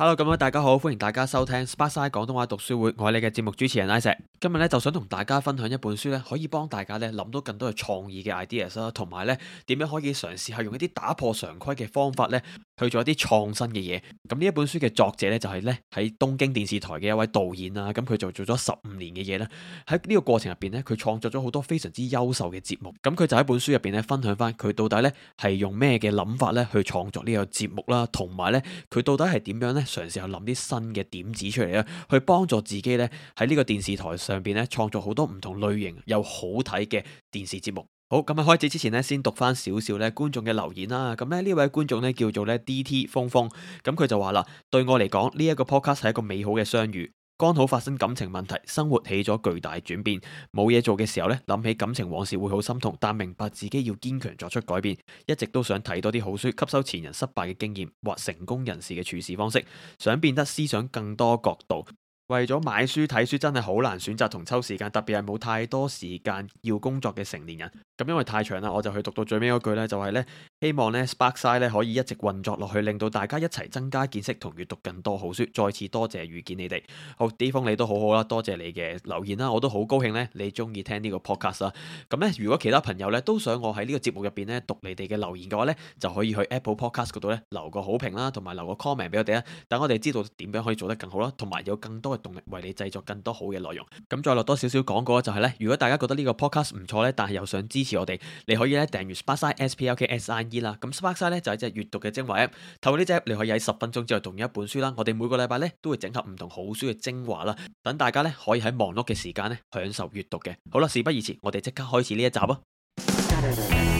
hello，各位大家好，歡迎大家收聽《Sparkside 廣東話讀書會》，我係你嘅節目主持人 I 石，今日咧就想同大家分享一本書咧，可以幫大家咧諗到更多嘅創意嘅 ideas 啦，同埋咧點樣可以嘗試下用一啲打破常規嘅方法咧去做一啲創新嘅嘢。咁呢一本書嘅作者咧就係咧喺東京電視台嘅一位導演啊，咁佢就做咗十五年嘅嘢啦。喺呢個過程入邊咧，佢創作咗好多非常之優秀嘅節目。咁佢就喺本書入邊咧分享翻佢到底咧係用咩嘅諗法咧去創作呢個節目啦，同埋咧佢到底係點樣咧？嘗試去諗啲新嘅點子出嚟啦，去幫助自己咧喺呢個電視台上邊咧創造好多唔同類型又好睇嘅電視節目。好咁喺開始之前咧，先讀返少少咧觀眾嘅留言啦。咁咧呢位觀眾咧叫做咧 DT 風風，咁佢就話啦，對我嚟講呢一個 podcast 係一個美好嘅相遇。剛好發生感情問題，生活起咗巨大轉變，冇嘢做嘅時候咧，諗起感情往事會好心痛，但明白自己要堅強，作出改變。一直都想睇多啲好書，吸收前人失敗嘅經驗或成功人士嘅處事方式，想變得思想更多角度。為咗買書睇書，真係好難選擇同抽時間，特別係冇太多時間要工作嘅成年人。咁因為太長啦，我就去讀到最尾嗰句咧，就係、是、咧希望咧 Sparkside 咧可以一直運作落去，令到大家一齊增加見識同閱讀更多好書。再次多謝遇見你哋，好，D 方你都好好啦，多謝你嘅留言啦，我都好高興咧，你中意聽呢個 Podcast 啦。咁、嗯、咧，如果其他朋友咧都想我喺呢個節目入邊咧讀你哋嘅留言嘅話咧，就可以去 Apple Podcast 嗰度咧留個好評啦，同埋留個 comment 俾我哋啊，等我哋知道點樣可以做得更好啦，同埋有，有更多嘅動力為你製作更多好嘅內容。咁、嗯、再落多少少廣告啊，就係、是、咧，如果大家覺得呢個 Podcast 唔錯咧，但係又想支持。我哋，你可以咧訂閱 s p a r k s i e S P L K S I E 啦。咁 Sparkside 咧就係一隻閱讀嘅精華 App。透過呢隻 App，你可以喺十分鐘之內讀完一本書啦。我哋每個禮拜咧都會整合唔同好書嘅精華啦，等大家咧可以喺忙碌嘅時間咧享受閱讀嘅。好啦，事不宜遲，我哋即刻開始呢一集啊！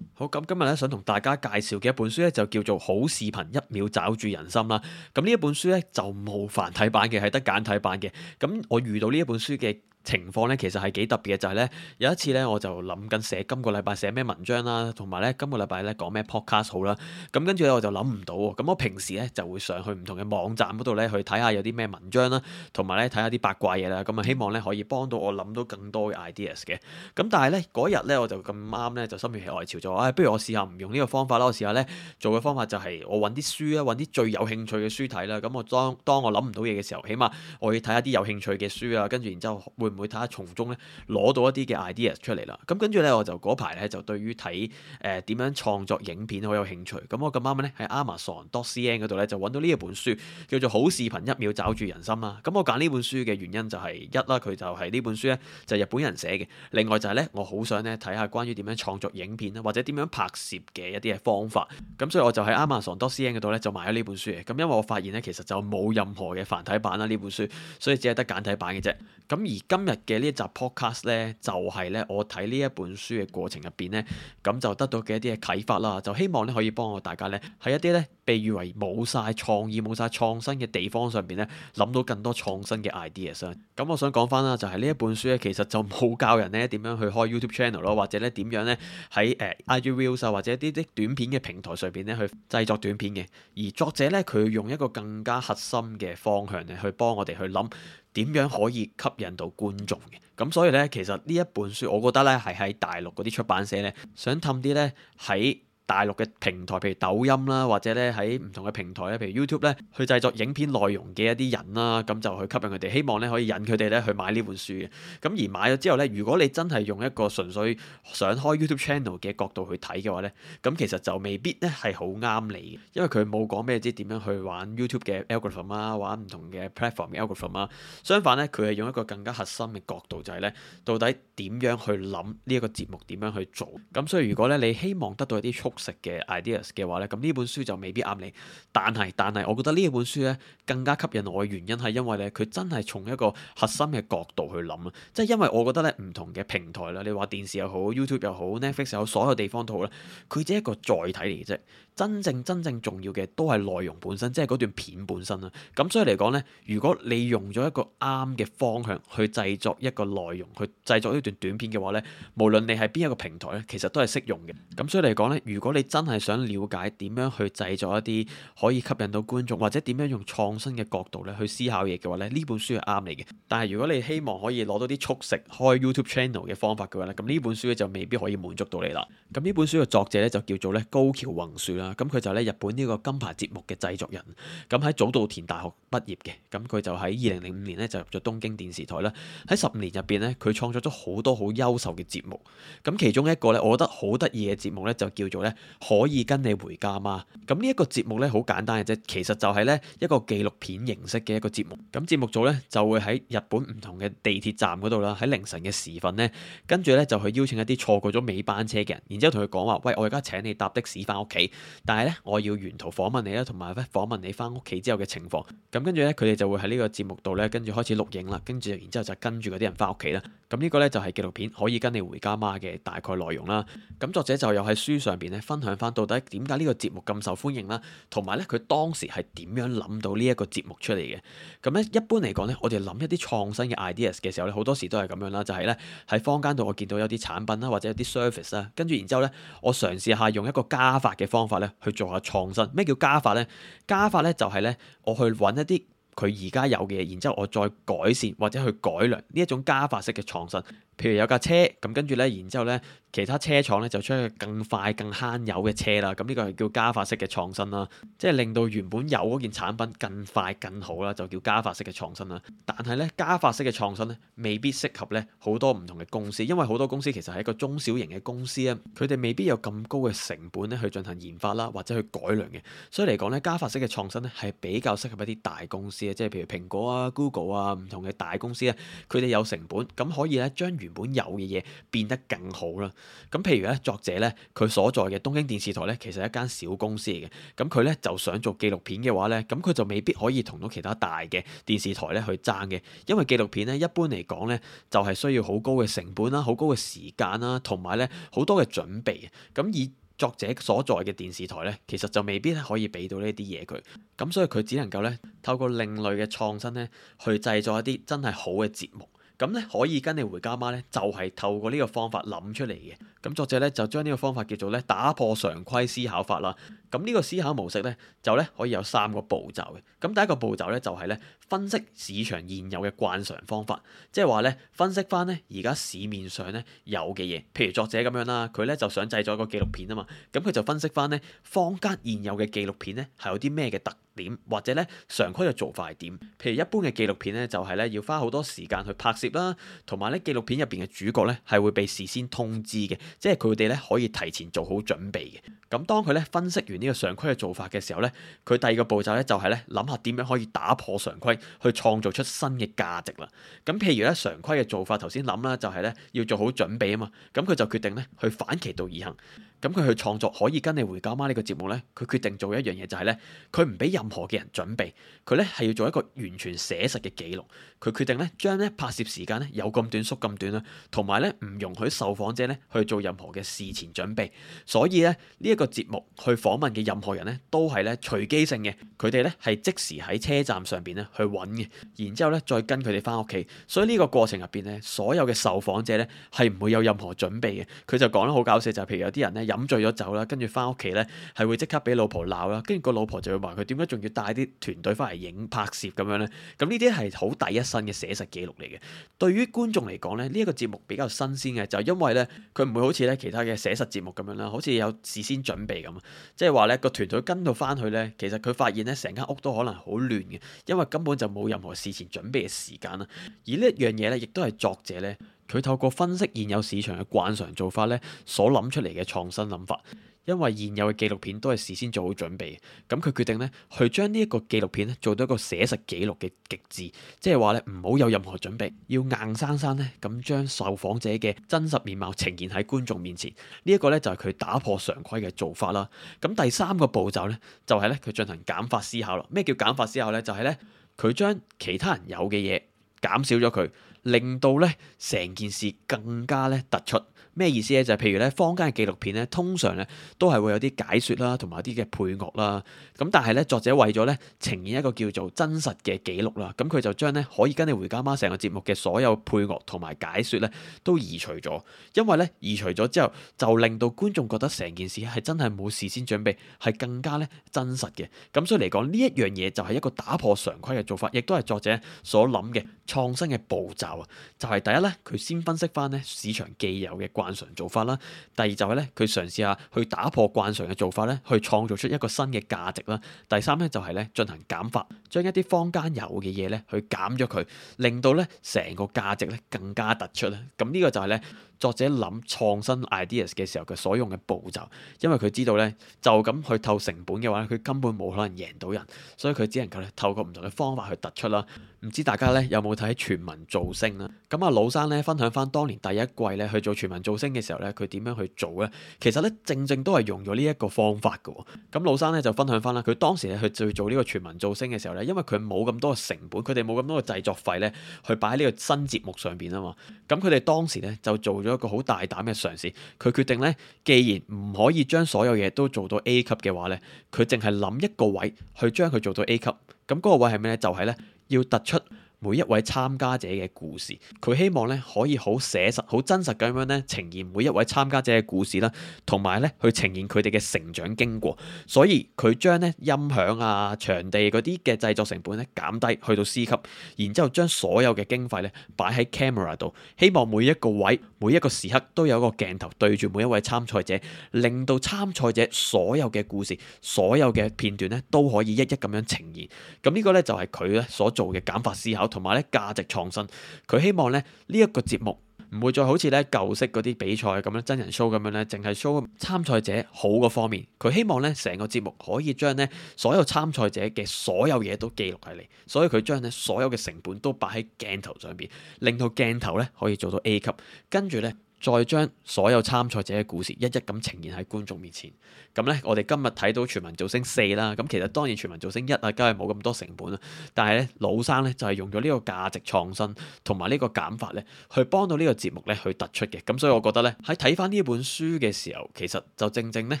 好，咁今日咧，想同大家介紹嘅一本書咧，就叫做《好視頻一秒抓住人心》啦。咁呢一本書咧，就冇繁體版嘅，係得簡體版嘅。咁我遇到呢一本書嘅。情況咧其實係幾特別嘅，就係咧有一次咧，我就諗緊寫今個禮拜寫咩文章啦，同埋咧今個禮拜咧講咩 podcast 好啦。咁跟住咧我就諗唔到喎。咁我平時咧就會上去唔同嘅網站嗰度咧去睇下有啲咩文章啦，同埋咧睇下啲八卦嘢啦。咁啊希望咧可以幫到我諗到更多嘅 ideas 嘅。咁但係咧嗰日咧我就咁啱咧就心血來潮就話唉，不如我試下唔用呢個方法啦，我試下咧做嘅方法就係我揾啲書啊，揾啲最有興趣嘅書睇啦。咁我當當我諗唔到嘢嘅時候，起碼我要睇下啲有興趣嘅書啊，跟住然之後會，唔會睇下從中咧攞到一啲嘅 ideas 出嚟啦。咁跟住咧，我就嗰排咧就對於睇誒點樣創作影片好有興趣。咁我咁啱咧喺 Amazon.cn 嗰度咧就揾到呢一本書叫做好視頻一秒抓住人心啊！咁我揀呢本書嘅原因就係，是，一啦，佢就係呢本書咧就日本人寫嘅。另外就係咧我好想咧睇下關於點樣創作影片啦，或者點樣拍攝嘅一啲嘅方法。咁所以我就喺 Amazon.cn 嗰度咧就買咗呢本書嘅。咁因為我發現咧其實就冇任何嘅繁體版啦呢本書，所以只係得簡體版嘅啫。咁而今。今日嘅呢一集 podcast 咧，就係咧我睇呢一本書嘅過程入邊咧，咁就得到嘅一啲嘅啟發啦。就希望咧可以幫我大家咧喺一啲咧被譽為冇晒創意、冇晒創新嘅地方上邊咧，諗到更多創新嘅 ideas。咁我想講翻啦，就係呢一本書咧，其實就冇教人咧點樣去開 YouTube channel 咯，或者咧點樣咧喺誒 IG views 啊，或者啲啲短片嘅平台上邊咧去製作短片嘅。而作者咧佢用一個更加核心嘅方向咧去幫我哋去諗。點樣可以吸引到觀眾嘅？咁所以呢，其實呢一本書，我覺得呢係喺大陸嗰啲出版社呢，想氹啲呢喺。大陸嘅平台，譬如抖音啦，或者咧喺唔同嘅平台咧，譬如 YouTube 咧，去製作影片內容嘅一啲人啦，咁就去吸引佢哋，希望咧可以引佢哋咧去買呢本書嘅。咁而買咗之後咧，如果你真係用一個純粹想開 YouTube channel 嘅角度去睇嘅話咧，咁其實就未必咧係好啱你，因為佢冇講咩知點樣去玩 YouTube 嘅 algorithm 啊，玩唔同嘅 platform 嘅 algorithm 啊。相反咧，佢係用一個更加核心嘅角度就係咧，到底點樣去諗呢一個節目點樣去做。咁所以如果咧你希望得到一啲速食嘅 ideas 嘅話咧，咁呢本書就未必啱你。但係但係，我覺得呢本書咧更加吸引我嘅原因係因為咧，佢真係從一個核心嘅角度去諗啊！即係因為我覺得咧，唔同嘅平台啦，你話電視又好，YouTube 又好，Netflix 又好，所有地方都好咧，佢只係一個載體嚟嘅啫。真正真正重要嘅都係內容本身，即係嗰段片本身啦。咁所以嚟講咧，如果你用咗一個啱嘅方向去製作一個內容，去製作呢段短片嘅話咧，無論你係邊一個平台咧，其實都係適用嘅。咁所以嚟講咧，如如果你真係想了解點樣去製作一啲可以吸引到觀眾，或者點樣用創新嘅角度咧去思考嘢嘅話咧，呢本書係啱你嘅。但係如果你希望可以攞到啲速食開 YouTube channel 嘅方法嘅話咧，咁呢本書咧就未必可以滿足到你啦。咁呢本書嘅作者咧就叫做咧高橋宏樹啦。咁佢就咧日本呢個金牌節目嘅製作人。咁喺早稻田大學畢業嘅。咁佢就喺二零零五年咧就入咗東京電視台啦。喺十年入邊咧，佢創作咗好多好優秀嘅節目。咁其中一個咧，我覺得好得意嘅節目咧，就叫做咧。可以跟你回家嗎？咁呢一個節目呢，好簡單嘅啫。其實就係呢一個紀錄片形式嘅一個節目。咁節目組呢，就會喺日本唔同嘅地鐵站嗰度啦，喺凌晨嘅時分呢，跟住呢，就去邀請一啲錯過咗尾班車嘅人，然之後同佢講話：「喂，我而家請你搭的士翻屋企，但係呢，我要沿途訪問你啦，同埋呢訪問你翻屋企之後嘅情況。咁跟住呢，佢哋就會喺呢個節目度呢，跟住開始錄影啦。跟住然之後就跟住嗰啲人翻屋企啦。咁呢個呢，就係紀錄片《可以跟你回家嗎》嘅大概內容啦。咁作者就有喺書上邊呢。分享翻到底點解呢個節目咁受歡迎啦，同埋咧佢當時係點樣諗到呢一個節目出嚟嘅？咁咧一般嚟講咧，我哋諗一啲創新嘅 ideas 嘅時候咧，好多時都係咁樣啦，就係咧喺坊間度我見到有啲產品啦，或者有啲 service 啦，跟住然之後咧，我嘗試下用一個加法嘅方法咧去做下創新。咩叫加法咧？加法咧就係咧我去揾一啲佢而家有嘅嘢，然之後我再改善或者去改良呢一種加法式嘅創新。譬如有架車，咁跟住咧，然之後咧，其他車廠咧就出去更快更慳油嘅車啦。咁呢個係叫加法式嘅創新啦，即係令到原本有嗰件產品更快、更好啦，就叫加法式嘅創新啦。但係咧，加法式嘅創新咧未必適合咧好多唔同嘅公司，因為好多公司其實係一個中小型嘅公司啊，佢哋未必有咁高嘅成本咧去進行研發啦，或者去改良嘅。所以嚟講咧，加法式嘅創新咧係比較適合一啲大公司啊，即係譬如蘋果啊、Google 啊唔同嘅大公司啊，佢哋有成本，咁可以咧將原本有嘅嘢變得更好啦。咁譬如咧，作者咧佢所在嘅東京電視台咧，其實一間小公司嚟嘅。咁佢咧就想做紀錄片嘅話咧，咁佢就未必可以同到其他大嘅電視台咧去爭嘅，因為紀錄片咧一般嚟講咧就係需要好高嘅成本啦、好高嘅時間啦，同埋咧好多嘅準備。咁以作者所在嘅電視台咧，其實就未必可以俾到呢啲嘢佢。咁所以佢只能夠咧透過另類嘅創新咧，去製作一啲真係好嘅節目。咁咧可以跟你回家媽咧就係透過呢個方法諗出嚟嘅。咁作者咧就將呢個方法叫做咧打破常規思考法啦。咁呢個思考模式咧就咧可以有三個步驟嘅。咁第一個步驟咧就係咧，分析市場現有嘅慣常方法，即係話呢，分析翻呢而家市面上呢有嘅嘢，譬如作者咁樣啦，佢呢就想製作個紀錄片啊嘛，咁佢就分析翻呢坊間現有嘅紀錄片呢係有啲咩嘅特點，或者呢常規嘅做法係點？譬如一般嘅紀錄片呢，就係呢要花好多時間去拍攝啦，同埋呢紀錄片入邊嘅主角呢係會被事先通知嘅，即係佢哋呢可以提前做好準備嘅。咁當佢呢分析完呢個常規嘅做法嘅時候呢，佢第二個步驟呢就係呢諗下點樣可以打破常規。去創造出新嘅價值啦。咁譬如咧，常規嘅做法，頭先諗啦，就係咧要做好準備啊嘛。咁佢就決定咧去反其道而行。咁佢去創作可以跟你回家嗎呢個節目咧，佢決定做一樣嘢就係、是、咧，佢唔俾任何嘅人準備，佢咧係要做一個完全寫實嘅紀錄。佢決定咧將咧拍攝時間咧有咁短縮咁短啦，同埋咧唔容許受訪者咧去做任何嘅事前準備。所以咧呢一、這個節目去訪問嘅任何人咧都係咧隨機性嘅，佢哋咧係即時喺車站上邊咧去揾嘅，然之後咧再跟佢哋返屋企。所以呢個過程入邊咧，所有嘅受訪者咧係唔會有任何準備嘅。佢就講得好搞笑，就係、是、譬如有啲人咧。飲醉咗酒啦，跟住翻屋企咧，係會即刻俾老婆鬧啦，跟住個老婆就會話佢點解仲要帶啲團隊翻嚟影拍攝咁樣咧？咁呢啲係好第一身嘅寫實記錄嚟嘅。對於觀眾嚟講咧，呢一個節目比較新鮮嘅，就因為咧佢唔會好似咧其他嘅寫實節目咁樣啦，好似有事先準備咁。即係話咧個團隊跟到翻去咧，其實佢發現咧成間屋都可能好亂嘅，因為根本就冇任何事前準備嘅時間啦。而呢一樣嘢咧，亦都係作者咧。佢透過分析現有市場嘅慣常做法咧，所諗出嚟嘅創新諗法。因為現有嘅紀錄片都係事先做好準備，咁佢決定咧，去將呢一個紀錄片咧，做到一個寫實紀錄嘅極致，即係話咧唔好有任何準備，要硬生生咧咁將受訪者嘅真實面貌呈現喺觀眾面前。這個、呢一個咧就係、是、佢打破常規嘅做法啦。咁第三個步驟咧，就係咧佢進行減法思考咯。咩叫減法思考咧？就係咧佢將其他人有嘅嘢。減少咗佢，令到咧成件事更加咧突出。咩意思咧？就係譬如咧坊間嘅紀錄片咧，通常咧都係會有啲解説啦，同埋一啲嘅配樂啦。咁但係咧作者為咗咧呈現一個叫做真實嘅紀錄啦，咁佢就將咧可以跟你回家媽成個節目嘅所有配樂同埋解説咧都移除咗。因為咧移除咗之後，就令到觀眾覺得成件事係真係冇事先準備，係更加咧真實嘅。咁所以嚟講，呢一樣嘢就係一個打破常規嘅做法，亦都係作者所諗嘅。創新嘅步驟啊，就係、是、第一咧，佢先分析返咧市場既有嘅慣常做法啦；第二就係咧，佢嘗試下去打破慣常嘅做法咧，去創造出一個新嘅價值啦；第三咧就係咧進行減法，將一啲坊間有嘅嘢咧去減咗佢，令到咧成個價值咧更加突出啦。咁、這、呢個就係咧。作者諗創新 ideas 嘅時候，佢所用嘅步驟，因為佢知道呢，就咁去透成本嘅話，佢根本冇可能贏到人，所以佢只能夠透過唔同嘅方法去突出啦。唔知大家呢有冇睇全民造星啦？咁啊老生呢分享翻當年第一季呢去做全民造星嘅時候呢，佢點樣去做呢？其實呢，正正都係用咗呢一個方法㗎喎。咁老生呢就分享翻啦，佢當時呢去做呢個全民造星嘅時候呢，因為佢冇咁多嘅成本，佢哋冇咁多嘅製作費呢，去擺喺呢個新節目上邊啊嘛。咁佢哋當時呢就做咗。一個好大膽嘅嘗試，佢決定咧，既然唔可以將所有嘢都做到 A 級嘅話咧，佢淨係諗一個位去將佢做到 A 級。咁嗰個位係咩咧？就係咧要突出每一位參加者嘅故事。佢希望咧可以好寫實、好真實咁樣咧呈現每一位參加者嘅故事啦，同埋咧去呈現佢哋嘅成長經過。所以佢將咧音響啊、場地嗰啲嘅製作成本咧減低去到 C 級，然之後將所有嘅經費咧擺喺 camera 度，希望每一個位。每一個時刻都有一個鏡頭對住每一位參賽者，令到參賽者所有嘅故事、所有嘅片段咧都可以一一咁樣呈現。咁呢個咧就係佢咧所做嘅減法思考同埋咧價值創新。佢希望咧呢一個節目。唔會再好似咧舊式嗰啲比賽咁咧真人 show 咁樣咧，淨係 show 參賽者好個方面。佢希望咧成個節目可以將咧所有參賽者嘅所有嘢都記錄喺嚟，所以佢將咧所有嘅成本都擺喺鏡頭上邊，令到鏡頭咧可以做到 A 級，跟住咧。再將所有參賽者嘅故事一一咁呈現喺觀眾面前，咁呢，我哋今日睇到全民造星四啦，咁其實當然全民造星一啊，梗係冇咁多成本啦，但係呢，老生呢就係用咗呢個價值創新同埋呢個減法呢去幫到呢個節目呢去突出嘅，咁所以我覺得呢，喺睇翻呢本書嘅時候，其實就正正呢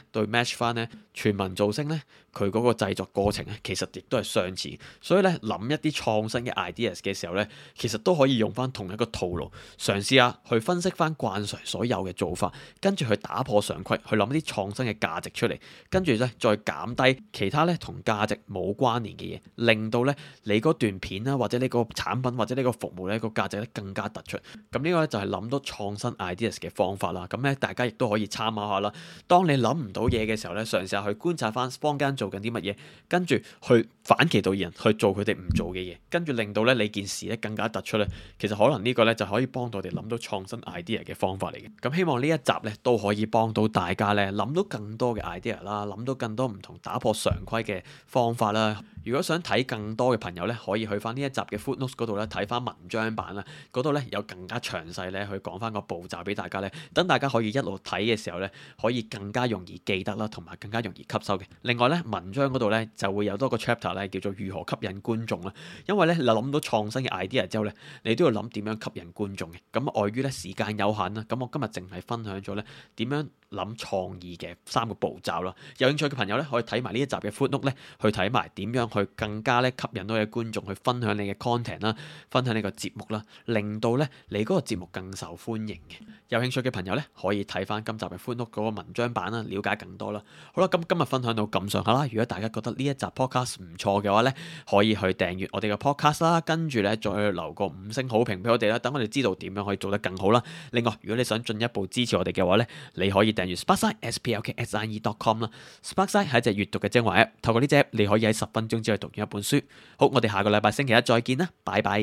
對 match 翻呢全民造星呢。佢嗰個製作過程咧，其實亦都係相似，所以咧諗一啲創新嘅 ideas 嘅時候咧，其實都可以用翻同一個套路嘗試下，去分析翻慣常所有嘅做法，跟住去打破常規，去諗一啲創新嘅價值出嚟，跟住咧再減低其他咧同價值冇關聯嘅嘢，令到咧你嗰段片啦，或者呢個產品或者呢個服務咧個價值咧更加突出。咁呢個咧就係諗多創新 ideas 嘅方法啦。咁咧大家亦都可以參考下啦。當你諗唔到嘢嘅時候咧，嘗試下去觀察翻坊間做緊啲乜嘢？跟住去反其道而行，去做佢哋唔做嘅嘢，跟住令到咧你件事咧更加突出咧。其實可能呢個咧就可以幫到我哋諗到創新 idea 嘅方法嚟嘅。咁、嗯、希望呢一集咧都可以幫到大家咧諗到更多嘅 idea 啦，諗到更多唔同打破常規嘅方法啦。如果想睇更多嘅朋友咧，可以去翻呢一集嘅 Footnotes 嗰度咧睇翻文章版啦。嗰度咧有更加詳細咧去講翻個步驟俾大家咧，等大家可以一路睇嘅時候咧，可以更加容易記得啦，同埋更加容易吸收嘅。另外咧。文章嗰度咧就會有多個 chapter 咧，叫做如何吸引觀眾啦。因為咧你諗到創新嘅 idea 之後咧，你都要諗點樣吸引觀眾嘅。咁、嗯、礙於咧時間有限啦，咁、嗯、我今日淨係分享咗咧點樣諗創意嘅三個步驟啦。有興趣嘅朋友咧，可以睇埋呢一集嘅《歡屋》咧，去睇埋點樣去更加咧吸引到你嘅觀眾去分享你嘅 content 啦，分享你個節目啦，令到咧你嗰個節目更受歡迎嘅。有興趣嘅朋友咧，可以睇翻今集嘅《歡屋》嗰個文章版啦，了解更多啦。好啦，嗯、咁今日分享到咁上下啦。如果大家覺得呢一集 podcast 唔錯嘅話呢，可以去訂閱我哋嘅 podcast 啦，跟住呢，再留個五星好評俾我哋啦，等我哋知道點樣可以做得更好啦。另外，如果你想進一步支持我哋嘅話呢，你可以訂閱 Sparksine S P A R K S I N E dot com 啦。Sparksine 係一隻閱讀嘅精華 App，透過呢隻 App 你可以喺十分鐘之內讀完一本書。好，我哋下個禮拜星期一再見啦，拜拜。